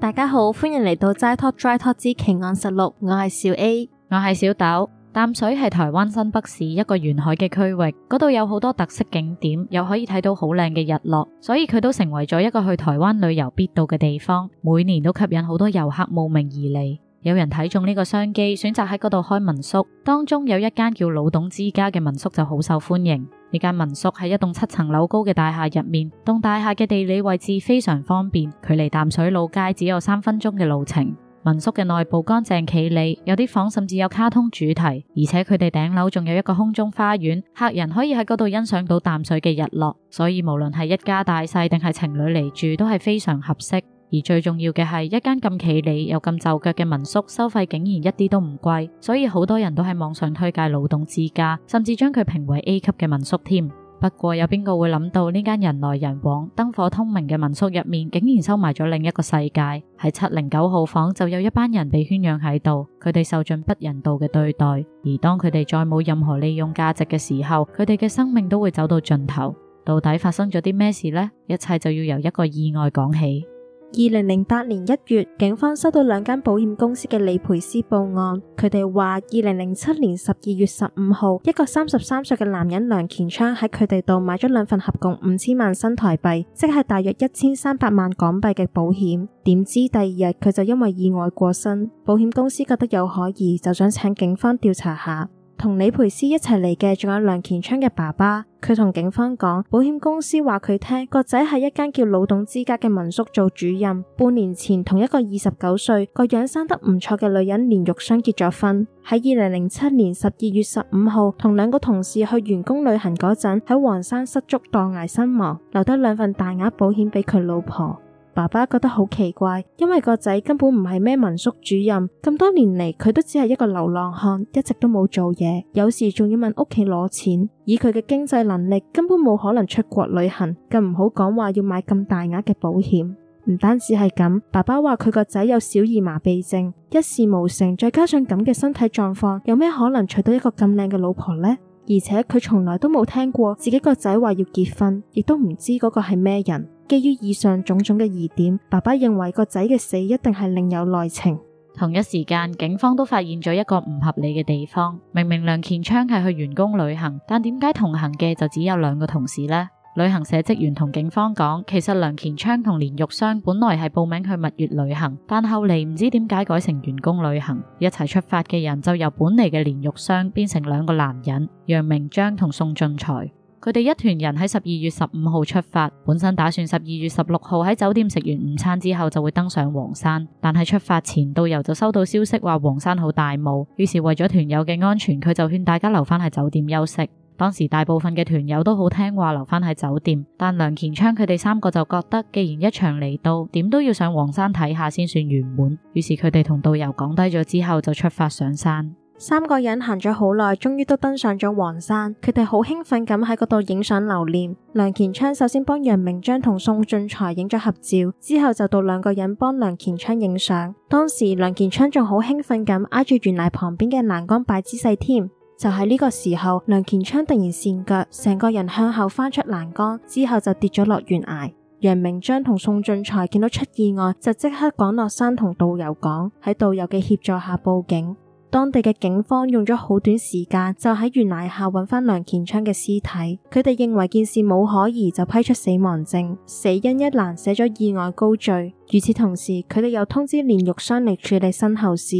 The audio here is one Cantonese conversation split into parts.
大家好，歡迎嚟到齋 talk dry talk 之奇案實錄，我係小 A，我係小豆。淡水係台灣新北市一個沿海嘅區域，嗰度有好多特色景點，又可以睇到好靚嘅日落，所以佢都成為咗一個去台灣旅遊必到嘅地方，每年都吸引好多遊客慕名而嚟。有人睇中呢個商機，選擇喺嗰度開民宿。當中有一間叫老董之家嘅民宿就好受歡迎。呢間民宿喺一棟七層樓高嘅大廈入面，棟大廈嘅地理位置非常方便，距離淡水老街只有三分鐘嘅路程。民宿嘅內部乾淨企理，有啲房甚至有卡通主題，而且佢哋頂樓仲有一個空中花園，客人可以喺嗰度欣賞到淡水嘅日落。所以無論係一家大細定係情侶嚟住，都係非常合適。而最重要嘅係一間咁企理又咁就腳嘅民宿，收費竟然一啲都唔貴，所以好多人都喺網上推介老董之家，甚至將佢評為 A 級嘅民宿添。不過有邊個會諗到呢間人來人往、燈火通明嘅民宿入面，竟然收埋咗另一個世界？喺七零九號房就有一班人被圈養喺度，佢哋受盡不人道嘅對待。而當佢哋再冇任何利用價值嘅時候，佢哋嘅生命都會走到盡頭。到底發生咗啲咩事呢？一切就要由一個意外講起。二零零八年一月，警方收到兩間保險公司嘅理賠師報案，佢哋話：二零零七年十二月十五號，一個三十三歲嘅男人梁乾昌喺佢哋度買咗兩份合共五千萬新台幣，即係大約一千三百萬港幣嘅保險。點知第二日佢就因為意外過身，保險公司覺得有可疑，就想請警方調查下。同李培斯一齊嚟嘅仲有梁乾昌嘅爸爸，佢同警方講，保險公司話佢聽個仔喺一間叫老董之家嘅民宿做主任，半年前同一個二十九歲個樣生得唔錯嘅女人連玉霜結咗婚，喺二零零七年十二月十五號同兩個同事去員工旅行嗰陣喺黃山失足墮崖身亡，留低兩份大額保險俾佢老婆。爸爸覺得好奇怪，因為個仔根本唔係咩民宿主任，咁多年嚟佢都只係一個流浪漢，一直都冇做嘢，有時仲要問屋企攞錢。以佢嘅經濟能力，根本冇可能出國旅行，更唔好講話要買咁大額嘅保險。唔單止係咁，爸爸話佢個仔有小兒麻痹症，一事無成，再加上咁嘅身體狀況，有咩可能娶到一個咁靚嘅老婆呢？而且佢從來都冇聽過自己個仔話要結婚，亦都唔知嗰個係咩人。基於以上種種嘅疑點，爸爸認為個仔嘅死一定係另有內情。同一時間，警方都發現咗一個唔合理嘅地方：明明梁干昌係去員工旅行，但點解同行嘅就只有兩個同事呢？旅行社職員同警方講，其實梁干昌同連玉雙本來係報名去蜜月旅行，但後嚟唔知點解改成員工旅行。一齊出發嘅人就由本嚟嘅連玉雙變成兩個男人：楊明章同宋俊才。佢哋一團人喺十二月十五號出發，本身打算十二月十六號喺酒店食完午餐之後就會登上黃山，但係出發前導遊就收到消息話黃山好大霧，於是為咗團友嘅安全，佢就勸大家留返喺酒店休息。當時大部分嘅團友都好聽話，留返喺酒店，但梁乾昌佢哋三個就覺得既然一場嚟到，點都要上黃山睇下先算圓滿，於是佢哋同導遊講低咗之後就出發上山。三個人行咗好耐，終於都登上咗黃山。佢哋好興奮咁喺嗰度影相留念。梁乾昌首先幫楊明章同宋俊才影咗合照，之後就到兩個人幫梁乾昌影相。當時梁乾昌仲好興奮咁挨住懸崖旁邊嘅欄杆擺姿勢添。就喺呢個時候，梁乾昌突然跣腳，成個人向後翻出欄杆，之後就跌咗落懸崖。楊明章同宋俊才見到出意外，就即刻趕落山同導遊講，喺導遊嘅協助下報警。當地嘅警方用咗好短時間，就喺懸崖下揾翻，梁乾昌嘅屍體。佢哋認為件事冇可疑，就批出死亡證，死因一欄寫咗意外高墜。與此同時，佢哋又通知殮玉商嚟處理身後事。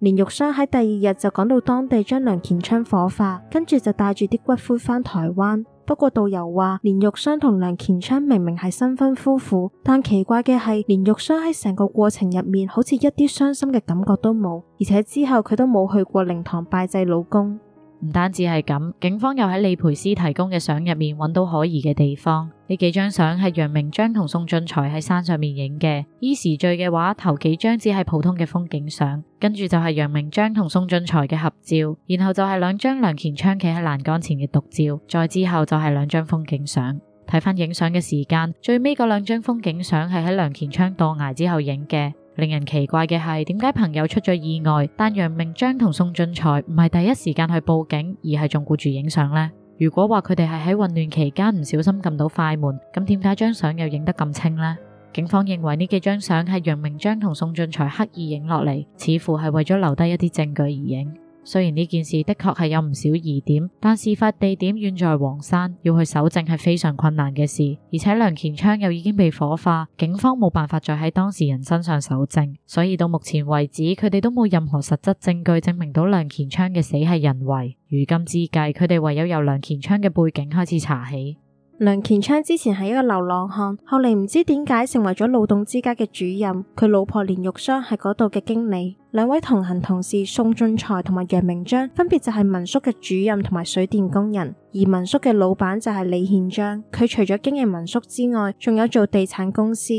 殮玉商喺第二日就趕到當地將梁乾昌火化，跟住就帶住啲骨灰返台灣。不過導遊話，連玉霜同梁乾昌明明係新婚夫婦，但奇怪嘅係，連玉霜喺成個過程入面，好似一啲傷心嘅感覺都冇，而且之後佢都冇去過靈堂拜祭老公。唔單止係咁，警方又喺李培斯提供嘅相入面揾到可疑嘅地方。呢幾張相係楊明章同宋俊才喺山上面影嘅。依時序嘅話，頭幾張只係普通嘅風景相，跟住就係楊明章同宋俊才嘅合照，然後就係兩張梁乾昌企喺欄杆前嘅獨照，再之後就係兩張風景相。睇返影相嘅時間，最尾嗰兩張風景相係喺梁乾昌墮崖之後影嘅。令人奇怪嘅係，點解朋友出咗意外，但楊明章同宋俊才唔係第一時間去報警，而係仲顧住影相呢？如果話佢哋係喺混亂期間唔小心撳到快門，咁點解張相又影得咁清呢？警方認為呢幾張相係楊明章同宋俊才刻意影落嚟，似乎係為咗留低一啲證據而影。雖然呢件事的確係有唔少疑點，但事發地點遠在黃山，要去搜證係非常困難嘅事。而且梁乾昌又已經被火化，警方冇辦法再喺當事人身上搜證，所以到目前為止，佢哋都冇任何實質證據證明到梁乾昌嘅死係人為。如今之計，佢哋唯有由梁乾昌嘅背景開始查起。梁乾昌之前係一個流浪漢，後嚟唔知點解成為咗老董之家嘅主任。佢老婆連玉雙係嗰度嘅經理。兩位同行同事宋俊才同埋楊明章，分別就係民宿嘅主任同埋水電工人。而民宿嘅老闆就係李憲章，佢除咗經營民宿之外，仲有做地產公司。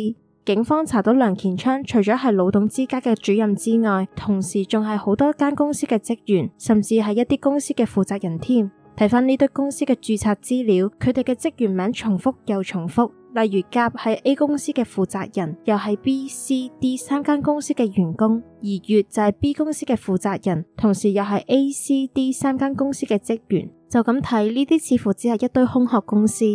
警方查到梁乾昌除咗係老董之家嘅主任之外，同時仲係好多間公司嘅職員，甚至係一啲公司嘅負責人添。睇返呢堆公司嘅註冊資料，佢哋嘅職員名重複又重複，例如甲係 A 公司嘅負責人，又係 B、C、D 三間公司嘅員工；而乙就係 B 公司嘅負責人，同時又係 A、C、D 三間公司嘅職員。就咁睇，呢啲似乎只係一堆空殼公司。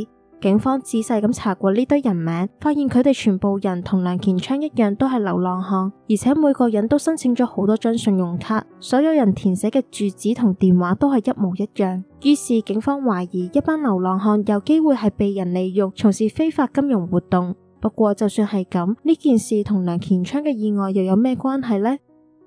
警方仔細咁查過呢堆人名，發現佢哋全部人同梁乾昌一樣都係流浪漢，而且每個人都申請咗好多張信用卡，所有人填寫嘅住址同電話都係一模一樣。於是警方懷疑一班流浪漢有機會係被人利用從事非法金融活動。不過就算係咁，呢件事同梁乾昌嘅意外又有咩關係呢？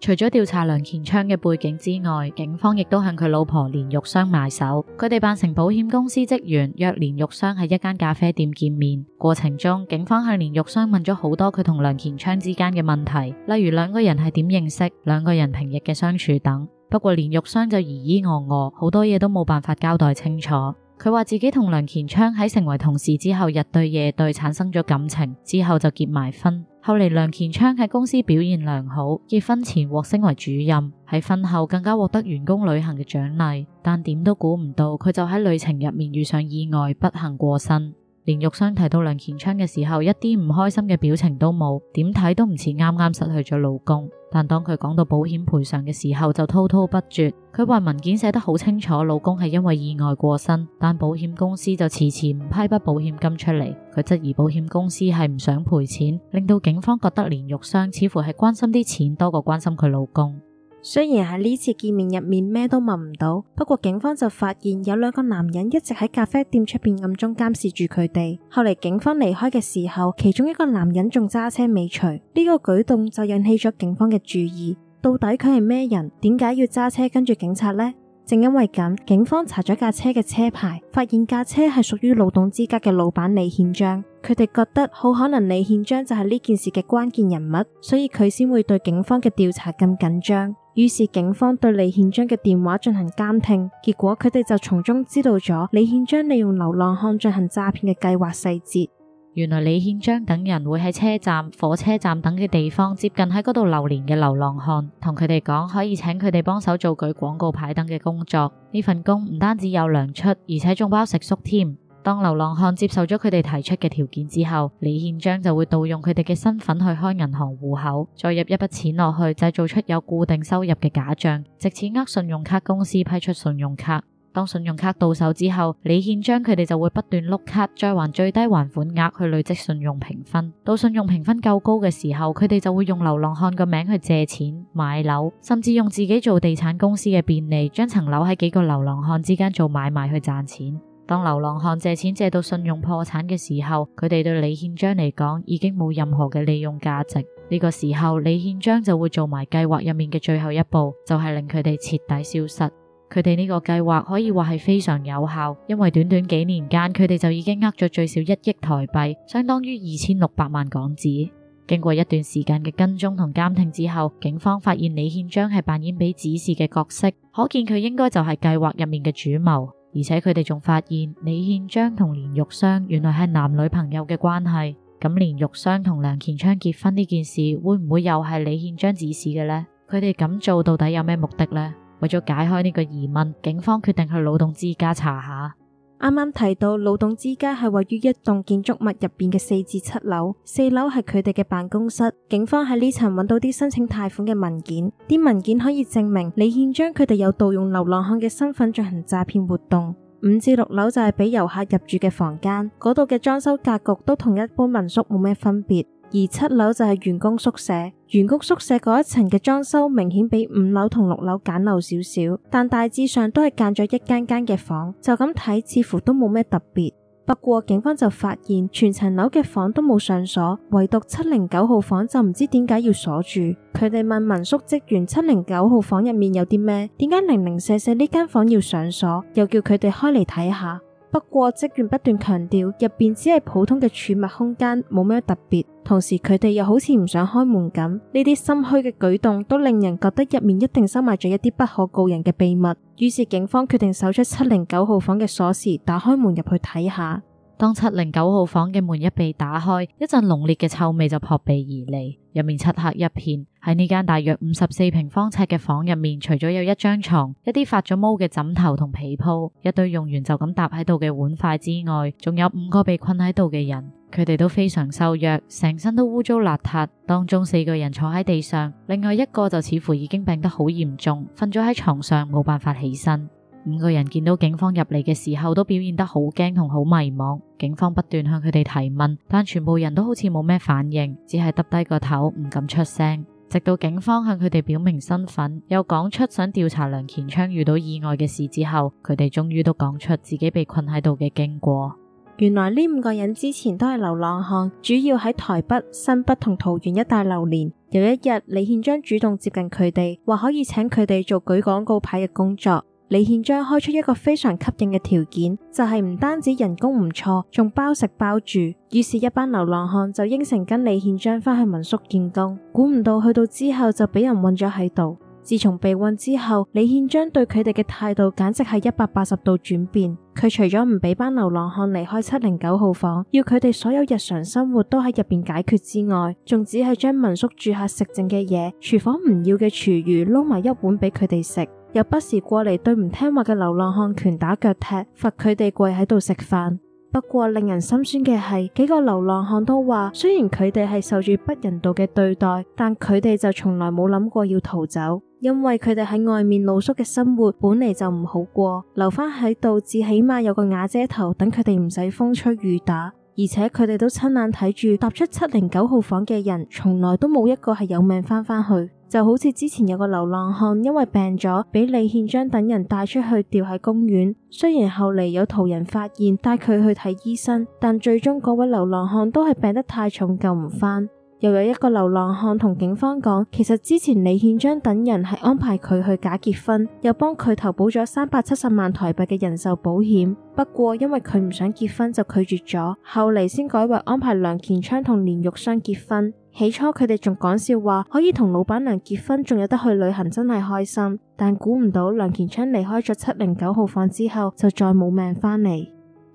除咗調查梁乾昌嘅背景之外，警方亦都向佢老婆連玉霜埋手。佢哋扮成保險公司職員，約連玉霜喺一間咖啡店見面。過程中，警方向連玉霜問咗好多佢同梁乾昌之間嘅問題，例如兩個人係點認識、兩個人平日嘅相處等。不過連玉霜就疑疑惑惑，好多嘢都冇辦法交代清楚。佢話自己同梁乾昌喺成為同事之後，日對夜對產生咗感情，之後就結埋婚。後嚟梁乾昌喺公司表現良好，結婚前獲升為主任，喺婚後更加獲得員工旅行嘅獎勵。但點都估唔到，佢就喺旅程入面遇上意外，不幸過身。連玉霜提到梁乾昌嘅時候，一啲唔開心嘅表情都冇，點睇都唔似啱啱失去咗老公。但當佢講到保險賠償嘅時候，就滔滔不絕。佢話文件寫得好清楚，老公係因為意外過身，但保險公司就遲遲唔批筆保險金出嚟。佢質疑保險公司係唔想賠錢，令到警方覺得連玉雙似乎係關心啲錢多過關心佢老公。雖然喺呢次見面入面咩都問唔到，不過警方就發現有兩個男人一直喺咖啡店出邊暗中監視住佢哋。後嚟警方離開嘅時候，其中一個男人仲揸車尾隨，呢、這個舉動就引起咗警方嘅注意。到底佢係咩人？點解要揸車跟住警察呢？正因為咁，警方查咗架車嘅車牌，發現架車係屬於老董之家嘅老闆李憲章。佢哋覺得好可能李憲章就係呢件事嘅關鍵人物，所以佢先會對警方嘅調查咁緊張。於是警方對李憲章嘅電話進行監聽，結果佢哋就從中知道咗李憲章利用流浪漢進行詐騙嘅計劃細節。原來李憲章等人會喺車站、火車站等嘅地方接近喺嗰度流連嘅流浪漢，同佢哋講可以請佢哋幫手做舉廣告牌等嘅工作。呢份工唔單止有糧出，而且仲包食宿添。當流浪漢接受咗佢哋提出嘅條件之後，李憲章就會盜用佢哋嘅身份去開銀行戶口，再入一筆錢落去，製造出有固定收入嘅假象，藉此呃信用卡公司批出信用卡。當信用卡到手之後，李憲章佢哋就會不斷碌卡，再還最低還款額去累積信用評分。到信用評分夠高嘅時候，佢哋就會用流浪漢個名去借錢買樓，甚至用自己做地產公司嘅便利，將層樓喺幾個流浪漢之間做買賣去賺錢。當流浪漢借錢借到信用破產嘅時候，佢哋對李憲章嚟講已經冇任何嘅利用價值。呢個時候，李憲章就會做埋計劃入面嘅最後一步，就係令佢哋徹底消失。佢哋呢個計劃可以話係非常有效，因為短短幾年間，佢哋就已經呃咗最少一億台幣，相當於二千六百萬港紙。經過一段時間嘅跟蹤同監聽之後，警方發現李憲章係扮演俾指示嘅角色，可見佢應該就係計劃入面嘅主謀。而且佢哋仲發現李憲章同連玉雙原來係男女朋友嘅關係，咁連玉雙同梁乾昌結婚呢件事會唔會又係李憲章指使嘅呢？佢哋咁做到底有咩目的呢？為咗解開呢個疑問，警方決定去老董之家查下。啱啱提到，老董之家係位於一棟建築物入邊嘅四至七樓，四樓係佢哋嘅辦公室。警方喺呢層揾到啲申請貸款嘅文件，啲文件可以證明李憲章佢哋有盜用流浪漢嘅身份進行詐騙活動。五至六樓就係俾遊客入住嘅房間，嗰度嘅裝修格局都同一般民宿冇咩分別。而七樓就係員工宿舍，員工宿舍嗰一層嘅裝修明顯比五樓同六樓簡陋少少，但大致上都係間咗一間間嘅房，就咁睇似乎都冇咩特別。不過警方就發現全層樓嘅房都冇上鎖，唯獨七零九號房就唔知點解要鎖住。佢哋問民宿職員七零九號房入面有啲咩，點解零零舍舍呢間房要上鎖，又叫佢哋開嚟睇下。不過職員不斷強調，入邊只係普通嘅儲物空間，冇咩特別。同時佢哋又好似唔想開門咁，呢啲心虛嘅舉動都令人覺得入面一定收埋咗一啲不可告人嘅秘密。於是警方決定搜出七零九號房嘅鎖匙，打開門入去睇下。當七零九號房嘅門一被打開，一陣濃烈嘅臭味就撲鼻而嚟。入面漆黑一片，喺呢間大約五十四平方尺嘅房入面，除咗有一張床、一啲發咗毛嘅枕頭同被鋪、一堆用完就咁搭喺度嘅碗筷之外，仲有五個被困喺度嘅人，佢哋都非常瘦弱，成身都污糟邋遢。當中四個人坐喺地上，另外一個就似乎已經病得好嚴重，瞓咗喺床上，冇辦法起身。五個人見到警方入嚟嘅時候，都表現得好驚同好迷茫。警方不斷向佢哋提問，但全部人都好似冇咩反應，只係耷低個頭，唔敢出聲。直到警方向佢哋表明身份，又講出想調查梁乾昌遇到意外嘅事之後，佢哋終於都講出自己被困喺度嘅經過。原來呢五個人之前都係流浪漢，主要喺台北、新北同桃園一帶流連。有一日，李憲章主動接近佢哋，話可以請佢哋做舉廣告牌嘅工作。李憲章開出一個非常吸引嘅條件，就係唔單止人工唔錯，仲包食包住。於是，一班流浪漢就應承跟李憲章返去民宿見工。估唔到去到之後就俾人韞咗喺度。自從被韞之後，李憲章對佢哋嘅態度簡直係一百八十度轉變。佢除咗唔俾班流浪漢離開七零九號房，要佢哋所有日常生活都喺入邊解決之外，仲只係將民宿住客食剩嘅嘢、廚房唔要嘅廚餘撈埋一碗俾佢哋食。又不時過嚟，對唔聽話嘅流浪漢拳打腳踢，罰佢哋跪喺度食飯。不過令人心酸嘅係，幾個流浪漢都話，雖然佢哋係受住不人道嘅對待，但佢哋就從來冇諗過要逃走，因為佢哋喺外面露宿嘅生活本嚟就唔好過，留翻喺度至起碼有個瓦遮頭，等佢哋唔使風吹雨打。而且佢哋都親眼睇住踏出七零九號房嘅人，從來都冇一個係有命翻返去。就好似之前有個流浪漢因為病咗，俾李憲章等人帶出去掉喺公園。雖然後嚟有途人發現，帶佢去睇醫生，但最終嗰位流浪漢都係病得太重救唔返。又有一個流浪漢同警方講，其實之前李憲章等人係安排佢去假結婚，又幫佢投保咗三百七十萬台幣嘅人壽保險。不過因為佢唔想結婚，就拒絕咗。後嚟先改為安排梁乾昌同連玉雙結婚。起初佢哋仲講笑話，可以同老闆娘結婚，仲有得去旅行，真係開心。但估唔到梁乾昌離開咗七零九號房之後，就再冇命返嚟。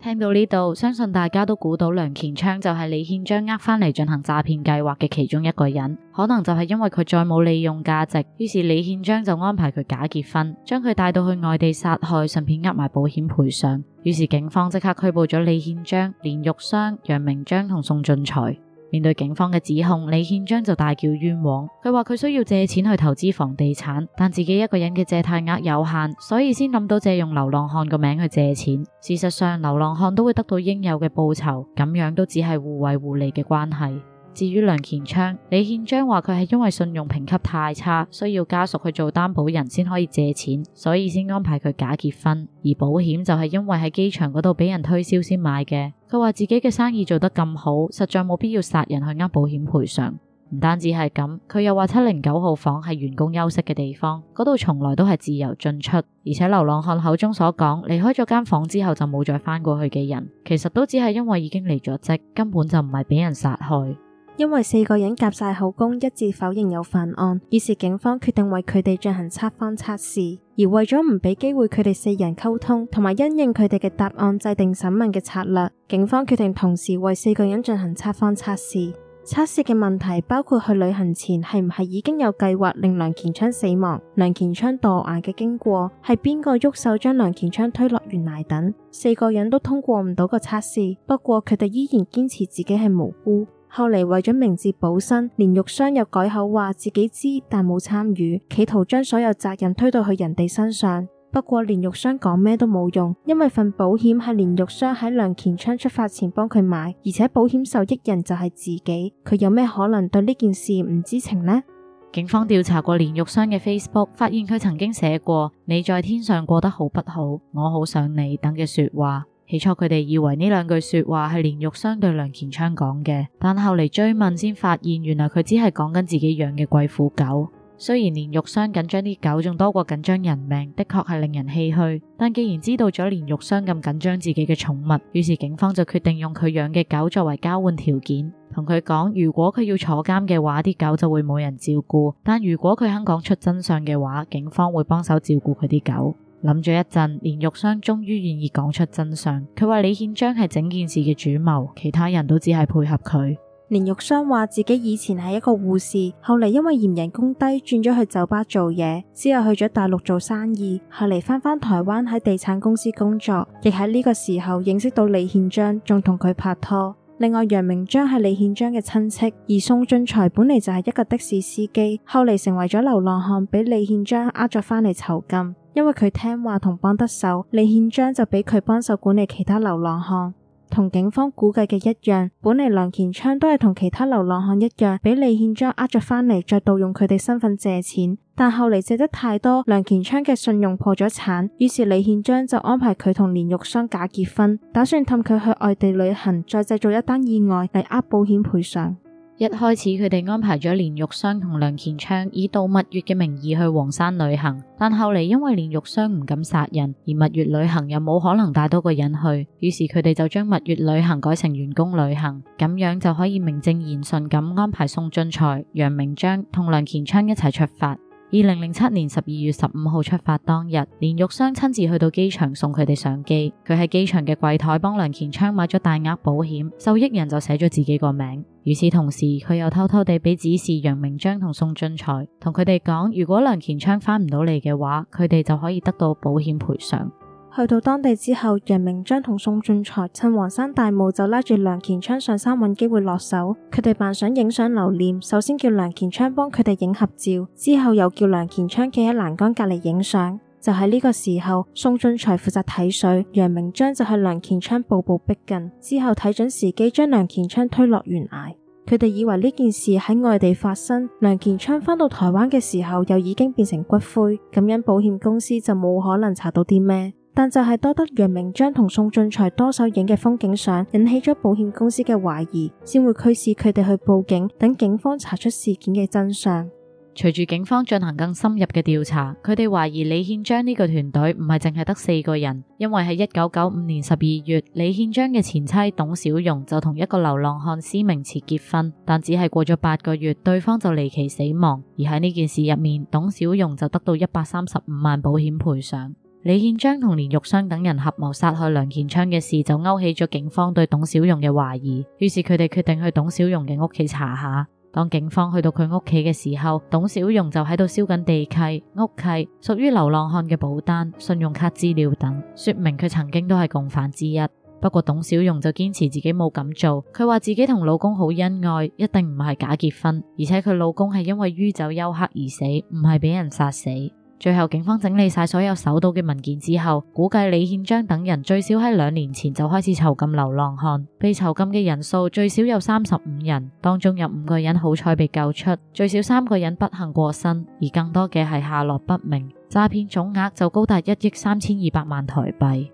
聽到呢度，相信大家都估到梁乾昌就係李憲章呃返嚟進行詐騙計劃嘅其中一個人。可能就係因為佢再冇利用價值，於是李憲章就安排佢假結婚，將佢帶到去外地殺害，順便呃埋保險賠償。於是警方即刻拘捕咗李憲章、連玉雙、楊明章同宋俊才。面對警方嘅指控，李憲章就大叫冤枉。佢話佢需要借錢去投資房地產，但自己一個人嘅借貸額有限，所以先諗到借用流浪漢個名去借錢。事實上，流浪漢都會得到應有嘅報酬，咁樣都只係互惠互利嘅關係。至於梁乾昌，李憲章話佢係因為信用評級太差，需要家屬去做擔保人先可以借錢，所以先安排佢假結婚。而保險就係因為喺機場嗰度俾人推銷先買嘅。佢話自己嘅生意做得咁好，實在冇必要殺人去呃保險賠償。唔單止係咁，佢又話七零九號房係員工休息嘅地方，嗰度從來都係自由進出。而且流浪漢口中所講，離開咗間房之後就冇再返過去嘅人，其實都只係因為已經離咗職，根本就唔係俾人殺害。因為四個人夾晒口供，一致否認有犯案，於是警方決定為佢哋進行測謊測試。而為咗唔俾機會佢哋四人溝通，同埋因應佢哋嘅答案，制定審問嘅策略，警方決定同時為四個人進行測謊測試。測試嘅問題包括去旅行前係唔係已經有計劃令梁乾昌死亡、梁乾昌墮崖嘅經過、係邊個喐手將梁乾昌推落懸崖等。四個人都通過唔到個測試，不過佢哋依然堅持自己係無辜。後嚟為咗明哲保身，連玉霜又改口話自己知但冇參與，企圖將所有責任推到去人哋身上。不過連玉霜講咩都冇用，因為份保險係連玉霜喺梁乾昌出發前幫佢買，而且保險受益人就係自己，佢有咩可能對呢件事唔知情呢？警方調查過連玉霜嘅 Facebook，發現佢曾經寫過“你在天上過得好不好？我好想你”等嘅說話。起初佢哋以為呢兩句說話係連玉霜對梁乾昌講嘅，但後嚟追問先發現，原來佢只係講緊自己養嘅貴婦狗。雖然連玉霜緊張啲狗仲多過緊張人命，的確係令人唏噓。但既然知道咗連玉霜咁緊張自己嘅寵物，於是警方就決定用佢養嘅狗作為交換條件，同佢講：如果佢要坐監嘅話，啲狗就會冇人照顧；但如果佢肯講出真相嘅話，警方會幫手照顧佢啲狗。諗咗一陣，連玉霜終於願意講出真相。佢話李憲章係整件事嘅主謀，其他人都只係配合佢。連玉霜話自己以前係一個護士，後嚟因為嫌人工低，轉咗去酒吧做嘢，之後去咗大陸做生意，後嚟翻返台灣喺地產公司工作，亦喺呢個時候認識到李憲章，仲同佢拍拖。另外，楊明章係李憲章嘅親戚，而宋俊才本嚟就係一個的士司機，後嚟成為咗流浪漢，俾李憲章呃咗返嚟囚禁。因為佢聽話同幫得手，李憲章就俾佢幫手管理其他流浪漢。同警方估計嘅一樣，本嚟梁乾昌都係同其他流浪漢一樣，俾李憲章呃咗返嚟，再盜用佢哋身份借錢。但後嚟借得太多，梁乾昌嘅信用破咗產，於是李憲章就安排佢同連玉雙假結婚，打算氹佢去外地旅行，再製造一單意外嚟呃保險賠償。一開始佢哋安排咗連玉霜同梁乾昌以度蜜月嘅名義去黃山旅行，但後嚟因為連玉霜唔敢殺人，而蜜月旅行又冇可能帶多個人去，於是佢哋就將蜜月旅行改成員工旅行，咁樣就可以名正言順咁安排宋俊才、楊明章同梁乾昌一齊出發。二零零七年十二月十五號出發當日，連玉雙親自去到機場送佢哋上機，佢喺機場嘅櫃台幫梁乾昌買咗大額保險，受益人就寫咗自己個名。與此同時，佢又偷偷地俾指示楊明章同宋俊才，同佢哋講，如果梁乾昌返唔到嚟嘅話，佢哋就可以得到保險賠償。去到當地之後，楊明章同宋俊才趁黃山大霧就拉住梁乾昌上山，揾機會落手。佢哋扮想影相留念，首先叫梁乾昌幫佢哋影合照，之後又叫梁乾昌企喺欄杆隔籬影相。就喺呢個時候，宋俊才負責睇水，楊明章就喺梁乾昌步步逼近之後，睇準時機將梁乾昌推落懸崖。佢哋以為呢件事喺外地發生，梁乾昌返到台灣嘅時候又已經變成骨灰，咁樣保險公司就冇可能查到啲咩。但就係多得楊明章同宋俊才多手影嘅風景相，引起咗保險公司嘅懷疑，先會驅使佢哋去報警，等警方查出事件嘅真相。隨住警方進行更深入嘅調查，佢哋懷疑李憲章呢個團隊唔係淨係得四個人，因為喺一九九五年十二月，李憲章嘅前妻董小容就同一個流浪漢施明慈結婚，但只係過咗八個月，對方就離奇死亡，而喺呢件事入面，董小容就得到一百三十五萬保險賠償。李憲章同連玉湘等人合謀殺害梁建昌嘅事，就勾起咗警方對董小容嘅懷疑。於是佢哋決定去董小容嘅屋企查下。當警方去到佢屋企嘅時候，董小容就喺度燒緊地契、屋契、屬於流浪漢嘅保單、信用卡資料等，說明佢曾經都係共犯之一。不過董小容就堅持自己冇咁做，佢話自己同老公好恩愛，一定唔係假結婚，而且佢老公係因為酗酒休克而死，唔係俾人殺死。最後警方整理晒所有搜到嘅文件之後，估計李憲章等人最少喺兩年前就開始囚禁流浪漢，被囚禁嘅人數最少有三十五人，當中有五個人好彩被救出，最少三個人不幸過身，而更多嘅係下落不明，詐騙總額就高達一億三千二百萬台幣。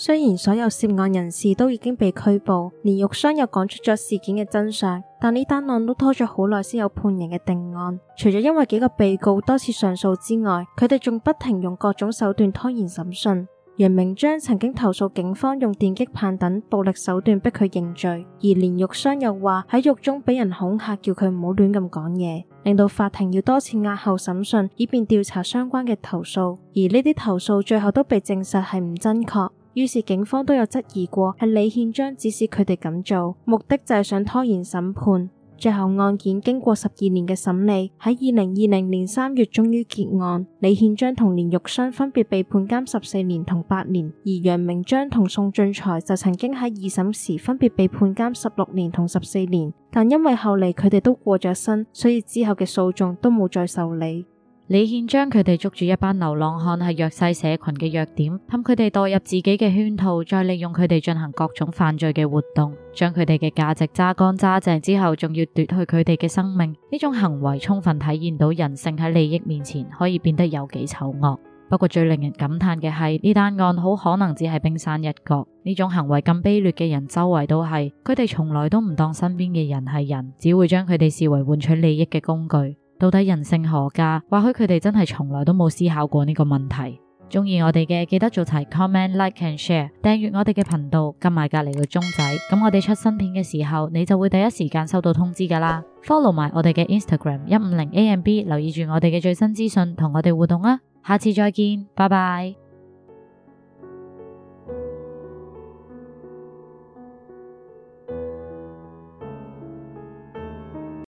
雖然所有涉案人士都已經被拘捕，連玉雙又講出咗事件嘅真相，但呢單案都拖咗好耐先有判刑嘅定案。除咗因為幾個被告多次上訴之外，佢哋仲不停用各種手段拖延審訊。楊明章曾經投訴警方用電擊棒等暴力手段逼佢認罪，而連玉雙又話喺獄中俾人恐嚇，叫佢唔好亂咁講嘢，令到法庭要多次押後審訊，以便調查相關嘅投訴。而呢啲投訴最後都被證實係唔真確。於是警方都有質疑過，係李憲章指示佢哋咁做，目的就係想拖延審判。最後案件經過十二年嘅審理，喺二零二零年三月終於結案。李憲章同連玉生分別被判監十四年同八年，而楊明章同宋俊才就曾經喺二審時分別被判監十六年同十四年，但因為後嚟佢哋都過咗身，所以之後嘅訴訟都冇再受理。李憲將佢哋捉住一班流浪漢係弱勢社群嘅弱點，氹佢哋墮入自己嘅圈套，再利用佢哋進行各種犯罪嘅活動，將佢哋嘅價值揸乾揸淨之後，仲要奪去佢哋嘅生命。呢種行為充分體現到人性喺利益面前可以變得有幾醜惡。不過最令人感嘆嘅係，呢單案好可能只係冰山一角。呢種行為咁卑劣嘅人周圍都係，佢哋從來都唔當身邊嘅人係人，只會將佢哋視為換取利益嘅工具。到底人性何價？或許佢哋真係從來都冇思考過呢個問題。中意我哋嘅，記得做齊 comment、like and share，訂閱我哋嘅頻道，撳埋隔籬嘅鐘仔，咁我哋出新片嘅時候，你就會第一時間收到通知㗎喇。Follow 埋我哋嘅 Instagram 一五零 AMB，留意住我哋嘅最新資訊，同我哋互動啊！下次再見，拜拜。